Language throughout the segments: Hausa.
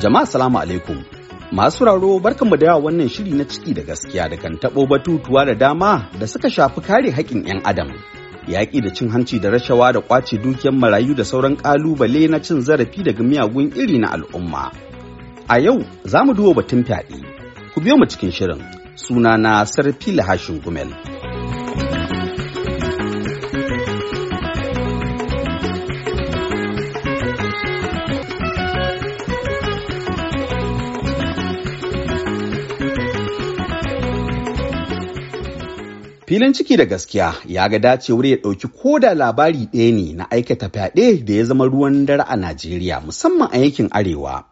Jama'a salamu alaikum. Masu raro barkanmu da yawa wannan shiri na ciki da gaskiya da kan taɓo batutuwa da dama da suka shafi kare haƙƙin 'yan adam. Yaƙi da cin hanci da rashawa da ƙwace dukiyar marayu da sauran ƙalubale na cin zarafi daga miyagun iri na al'umma. A yau za mu duba batun fyaɗe. Ku biyo mu cikin shirin. Sunana Sarfila Hashin Gumel. filin ciki da gaskiya ya ga dacewar ya ɗauki ko da labari ɗaya ne na aikata fyaɗe da ya zama ruwan dare a Najeriya musamman a yankin Arewa.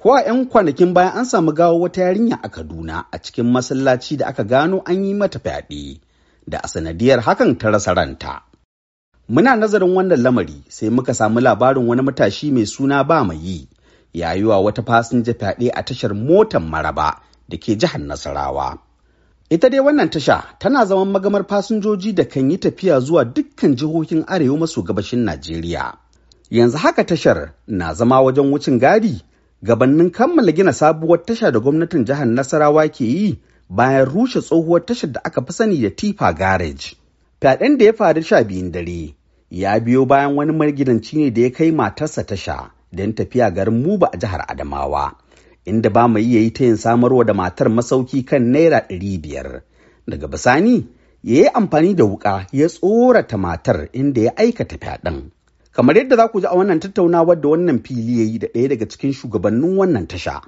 Ko a 'yan kwanakin bayan an samu gawo wata yarinya a Kaduna a cikin masallaci da aka gano an yi mata fyaɗe da a sanadiyar hakan ta rasa ranta. Muna nazarin wannan lamari sai muka samu labarin wani matashi mai suna ba mai yi yayuwa wata fasinja fyaɗe a tashar motar Maraba da ke jihar Nasarawa. Ita dai wannan tasha tana zaman magamar fasinjoji da kan yi tafiya zuwa dukkan jihohin arewa maso gabashin Najeriya. Yanzu haka tashar na zama wajen wucin gadi gabannin kammala gina sabuwar tasha da gwamnatin jihar Nasarawa ke yi bayan rushe tsohuwar tashar da aka fi sani da Tifa Garage. Fyaɗen da ya faru sha biyun dare ya biyo bayan wani magidanci ne da ya kai matarsa tasha don tafiya garin Muba a jihar Adamawa. inda ba mai iya yi ta yin samarwa da matar masauki kan naira ɗari biyar daga bisani ya yi amfani da wuƙa ya tsorata matar inda ya aikata fyaɗen kamar yadda za ku ji a wannan tattaunawar da wannan fili ya yi da ɗaya daga cikin shugabannin wannan tasha.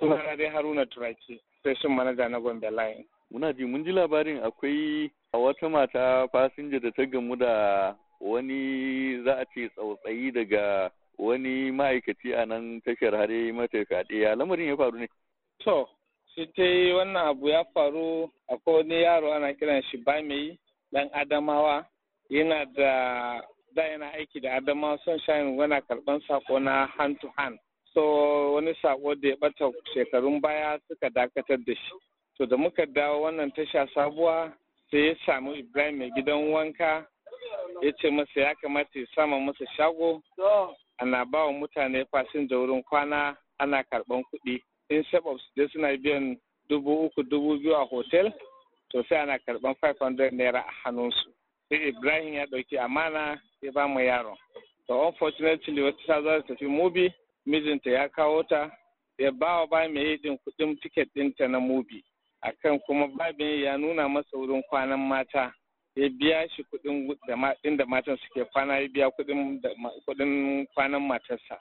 Sunana dai Haruna Turaki, station manaja na Gombe Line. Muna ji mun ji labarin akwai a wata mata fasinja da ta gamu da wani za a ce tsautsayi daga wani ma'aikaci a nan tashar har mata kaɗe ya lamarin ya faru ne. To, shi ta yi wannan abu ya faru a wani yaro ana kiran shi Bamei ɗan Adamawa yana da da yana aiki da Adamawa son shayin wana karɓan sako na hand to hand. So wani sako da ya ɓata shekarun baya suka dakatar da shi. To da muka dawo wannan tasha sabuwa sai ya samu Ibrahim mai gidan wanka ya ce masa ya kamata ya sama masa shago ana ba wa mutane fasinja wurin kwana ana karban kuɗi in shabab of suna biyan dubu uku dubu biyu a hotel to sai ana karban 500 naira a hannunsu sai ibrahim ya ɗauki amana ya ba mu yaron to unfortunately wata ta za tafi mubi mijinta ya kawo ta ya ba wa ba mai yi kuɗin tiket ɗinta na mubi akan kuma babin ya nuna masa wurin kwanan mata ya biya shi kuɗin inda matan suke kwana ya biya kudin kwanan matarsa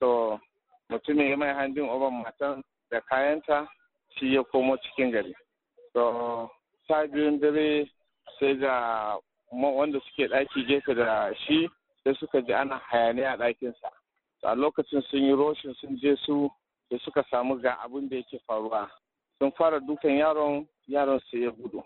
so mutumin ya mai handin oban matan da kayanta shi ya komo cikin gari so ta dare sai ga wanda suke ɗaki gefe da shi sai suka ji ana hayaniya a ɗakinsa a lokacin sun yi roshin sun je su da suka samu ga abin da yake faruwa sun fara dukan yaron yaron sai ya gudu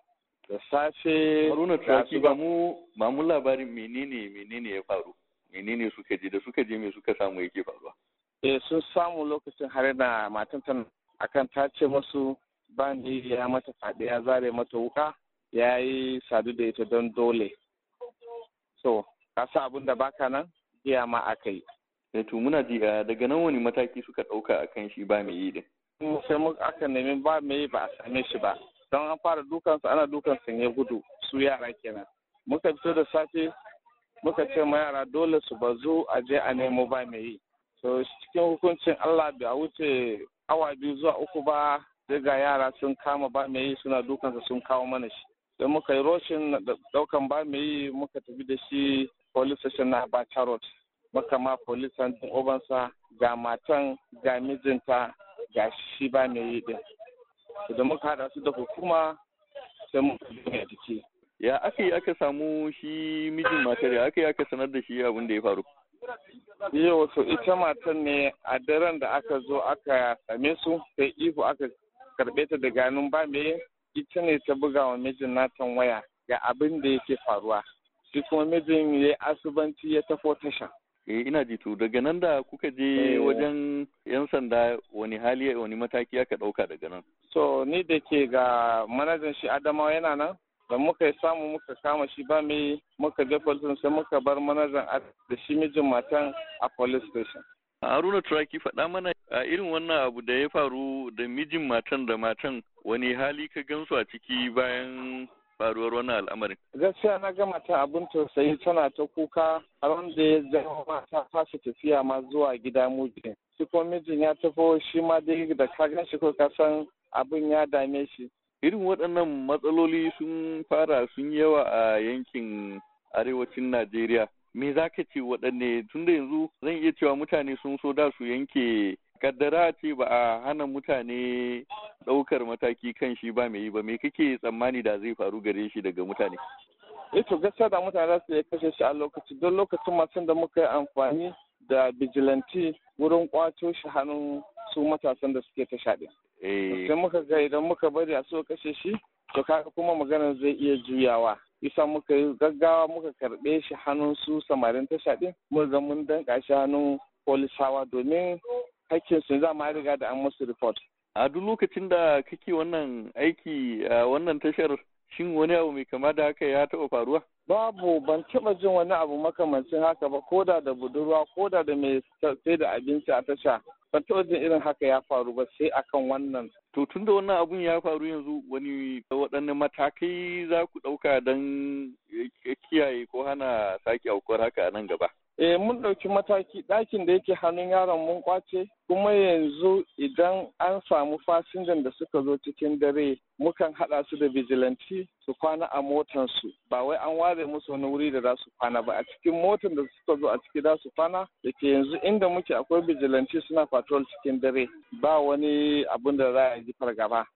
da safe haruna turaki ba mu ba mu labarin menene menene ya faru menene suka je da suka je me suka samu yake faruwa eh sun samu lokacin har da matan tan akan ta ce musu bandi ya mata fadi ya zare mata wuka ya yi sadu da ita don dole so kasa sa abin da baka nan jiya ma aka yi eh to muna ji eh, daga nan wani mataki suka dauka akan shi ba mai yi din sai aka nemi ba mai ba a same shi ba don an fara dukansu ana dukansu ne gudu su yara kenan muka fito da safe muka ce ma yara dole su bazu a je a nemo ba mai yi so cikin hukuncin allah bai wuce awa biyu zuwa uku ba sai yara sun kama ba mai yi suna dukansu sun kawo mana shi sai muka yi roshin daukan ba mai yi muka tafi da shi police station na abacha road muka ma police obansa ga matan ga mijinta ga shi ba mai yi din idan muka hada su da hukuma sai muka a ciki ya aka yi aka samu shi mijin matar ya aka yi aka sanar da shi abin da ya faru Yau, wato ita matar ne a daren da aka zo aka same su sai ihu aka karbe ta da ganin ba me ita ne ta buga wa mijin natan waya ga abin da yake faruwa shi kuma mijin ya asubanci ya tafo tasha eh ina ji to daga nan da kuka je eh. wajen yan sanda wani hali wani mataki aka dauka daga nan so ni da ke ga manajan shi adamawa yana nan da muka yi samu muka kama shi ba mai muka jefa police sai muka bar manajan da shi mijin matan a police station haruna turaki faɗa mana a irin wannan abu da ya faru da mijin matan da matan wani hali ka gansu a ciki bayan faruwar wannan al'amarin? Gaskiya na gama ta abin tausayi tana ta kuka har wanda ya zama mata fasa tafiya ma zuwa gida muke. Shi ko mijin ya tafi shi ma dai da ka gan shi ko ka san abin ya dame shi. Irin waɗannan matsaloli sun fara sun yawa a yankin arewacin Najeriya. Me za ka ce waɗanne tun yanzu zan iya cewa mutane sun so da su yanke kaddara ce ba a hana mutane ɗaukar mataki kan shi ba mai yi ba me kake tsammani da zai faru gare shi daga mutane eh to gaskiya da mutane za su iya kashe shi a lokaci don lokacin masu da muka yi amfani da bijilanti wurin kwato shi hannun su matasan da suke ta shaɗe eh. sai muka ga idan muka bari a so kashe shi to kuma maganar zai iya juyawa isa muka yi gaggawa muka karɓe shi hannun su samarin tasha shaɗe mun zama mun danka shi hannun polisawa domin aikin su za mu riga da an musu report a duk lokacin da kake wannan aiki a wannan tashar shin wani abu mai kama da haka ya taɓa faruwa babu ban taɓa jin wani abu makamancin haka ba koda da budurwa koda da mai sai da abinci a tasha ban taɓa jin irin haka ya faru ba sai akan wannan to tun da wannan abun ya faru yanzu wani waɗanne matakai za ku ɗauka don kiyaye ko hana sake aukuwar haka a nan gaba Eh mun ɗauki mataki ɗakin da yake hannun yaron mun kwace kuma yanzu idan an samu fasinjan da suka zo cikin dare mukan haɗa su da vigilanti su kwana a motansu ba wai an ware musu wani wuri da za su kwana ba a cikin motan da suka zo a ciki za su kwana da ke yanzu inda muke akwai vigilanti suna patrol cikin dare ba wani abun da za a yi fargaba.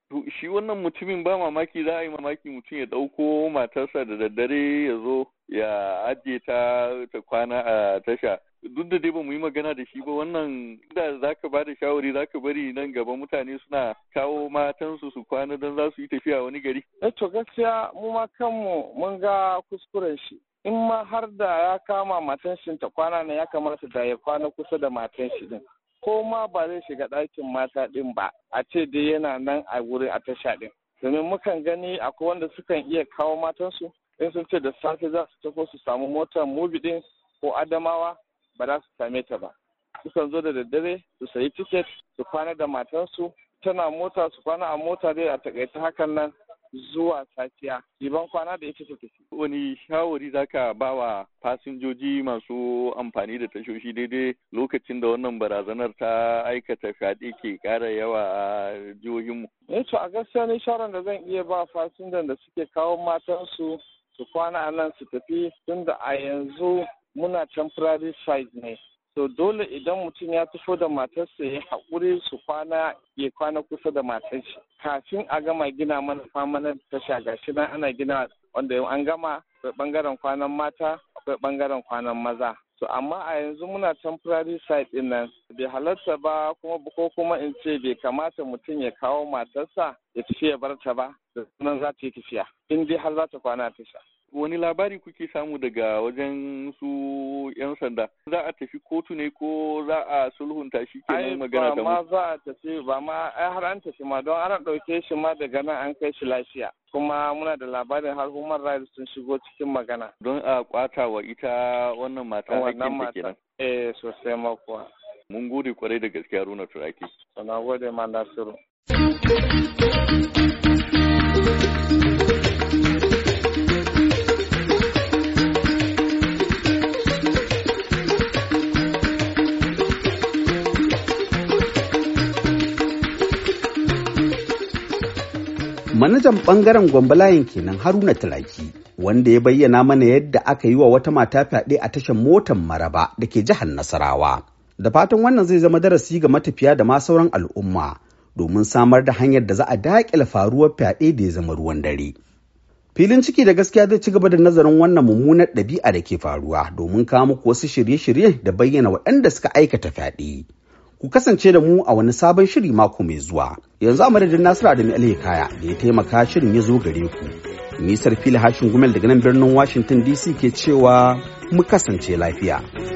shi wannan mutumin ba mamaki za a yi mamaki mutum ya ɗauko matarsa da daddare ya zo ya ajiye ta ta kwana a tasha duk da dai ba mu yi magana da shi ba wannan da za ka ba da shawari za ka bari nan gaba mutane suna kawo matansu su kwana don za su yi tafiya wani gari. Ya eh, to gaskiya mu ma kanmu mun ga kuskuren shi. In ma har da ya kama matan shi ta kwana na ya kamata da ya kwana kusa da matan shi din. Ko ma ba zai shiga ɗakin mata din ba a ce dai yana nan a wurin a tasha ɗin. Domin mukan gani akwai wanda sukan iya kawo matansu in sun ce da safe za su tafi su samu motar mubi din ko adamawa ba za su same ta ba sukan zo da daddare su sayi tiket su kwana da matansu tana mota su kwana a mota dai a takaita hakan nan zuwa safiya iban kwana da ita tafi. Wani shawari zaka ba wa fasinjoji masu amfani da tashoshi daidai lokacin da wannan barazanar ta aikata fyaɗe ke ƙara yawa a jihohinmu. Yanzu eh a gaskiya ne da zan iya ba fasinjan da suke kawo matansu su kwana a nan su tafi tunda a yanzu muna temporary site ne to dole idan mutum ya fito da matarsa ya haƙuri su kwana ya kwana kusa da matar shi kafin a gama gina mana kwanan tasha gashi nan ana gina wanda an gama akwai bangaren kwanan mata akwai bangaren kwanan maza to amma a yanzu muna temporary site din nan bai halarta ba kuma ko kuma in ce bai kamata mutum ya kawo matarsa ya tafi ya bar ta ba da sunan za ta yi tafiya in dai har za ta kwana tasha wani labari kuke samu daga wajen su 'yan sanda za a tafi kotu ne ko za a sulhunta shi ke magana da mu ba za a tafi ba ma ai har an tafi ma don ana ɗauke shi ma daga nan an kai shi lafiya kuma muna da labarin har human rights sun shigo cikin magana don a kwata wa ita wannan mata hakkin take kenan eh sosai ma kuwa mun gode kwarai da gaskiya Haruna Turaki sana gode ma Nasiru Manajan bangaren gwambalayin kenan Haruna Talaki wanda ya bayyana mana yadda aka yi wa wata mata fyaɗe a tashar motar Maraba da ke jihar Nasarawa. Da fatan wannan zai zama darasi ga matafiya da ma sauran al'umma domin samar da hanyar da za a daƙile faruwar fyaɗe da ya zama ruwan dare. Filin ciki da gaskiya zai ci gaba da nazarin wannan mummunar ɗabi'a da ke faruwa domin kawo muku wasu shirye-shirye da bayyana waɗanda suka aikata fyaɗe. ku kasance da mu a wani sabon shiri mako mai zuwa yanzu a madadin nasiru adamu kaya da ya taimaka shirin ya zo gare ku nisar fili hashin gumel daga nan birnin washington dc ke cewa mu kasance lafiya